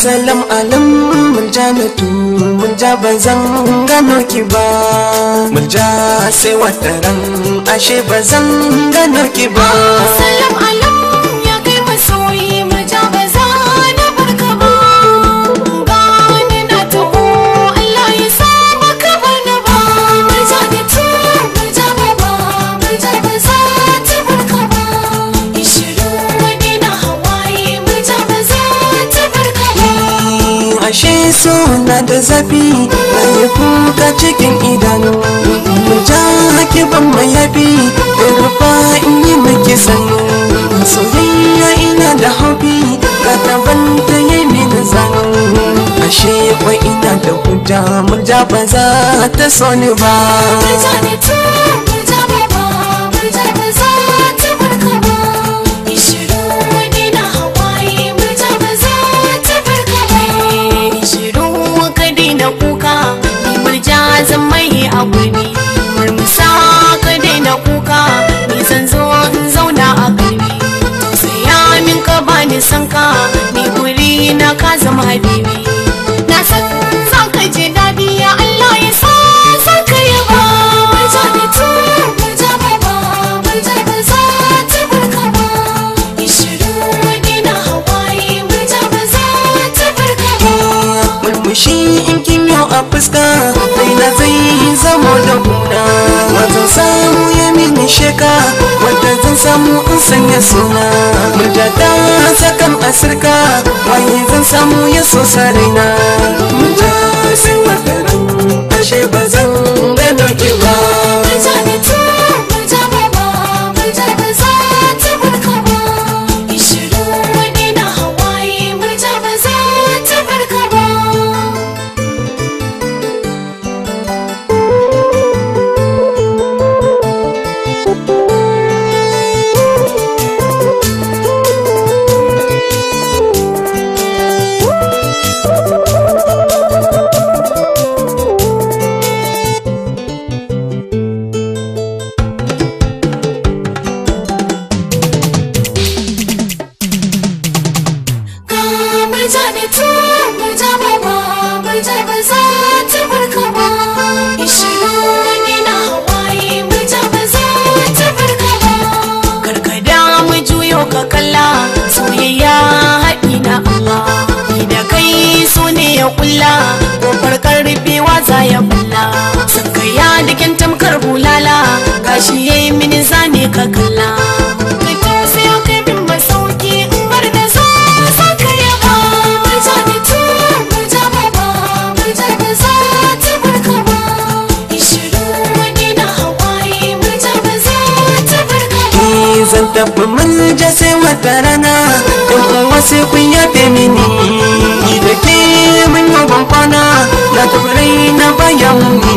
salam alam muljanatu mulja ban zan gano ki ba mulja sai wataran ashe ba zan gano ki ba salam alam ashe na da zafi da ya kuka cikin idanu mu ja haki ban mayafi da rufa in yi maki sannu soyayya ina da haufi ka taban ta yi min zanu ashe kwa ina da hujja mu ja ba za ta so ni ba haƙuri murmusa ka daina kuka ni zan zo in zauna a gari tausaya min ka bani san ka ni guri na ka zama habibi na san za ka ji daɗi ya Allah ya sa za ka yaba Murmushi in kin yau a fuska, kai na zai da kuna wajen samu ya mini sheka wata zan samu in sanya suna mujata sakan asirka wani zan samu ya so sarina mu ta ba mu mun tafi mun wata rana in wasu kun yafe mini da ke mun yi bankwana na turai na bayan mu